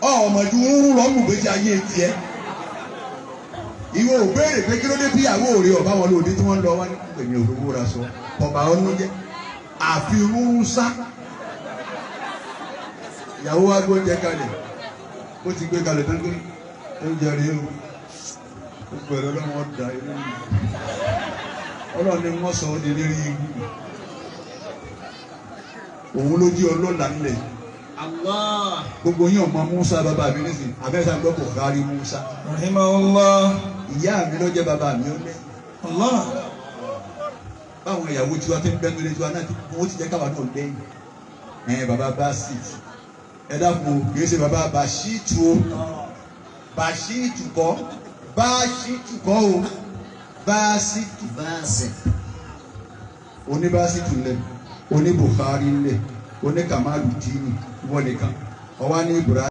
ọmọdé wúrú lọ́mù gbèsè ayé tiẹ̀ ìwọ ò béèrè pé kí ló dé tíyàwó rẹ ọba wọn lòdì tí wọn lọ wá ní pèmí òróró ra sọ ọba ọdún jẹ àfi rúrú sá ìyàwó wa gbóúnjẹ kalẹ̀ ó ti gbé kalẹ̀ tó gbé oúnjẹ rèé o ó gbẹrẹ ọlọ́run ọdà inú mi ọlọ́run ni wọn sọ ọ di lérí igun òun ló jí ọlọ́lá nílẹ̀ yìí gbogbo yín ọmọ Musa bàbá mi nísìnyí abẹ́sà ń gbọ́kọ̀ rárí Musa. ìyá mi ló jẹ́ bàbá mi ó lé. báwọn ìyàwó tiwa tó ń bẹ́ẹ̀ nílé tiwa náà wọ́n ti jẹ́ káwa náà lẹ́yìn. ẹ bàbá Basit ẹ dákun kì í ṣe bàbá Bashitu o Bashitu kọ́ Bashitu kọ́ o Basitu. oní Basitu lẹ oní lẹ oníkàmáàlù jíìnì wọ́n nìkan ọwọ́ ní Ibrahim.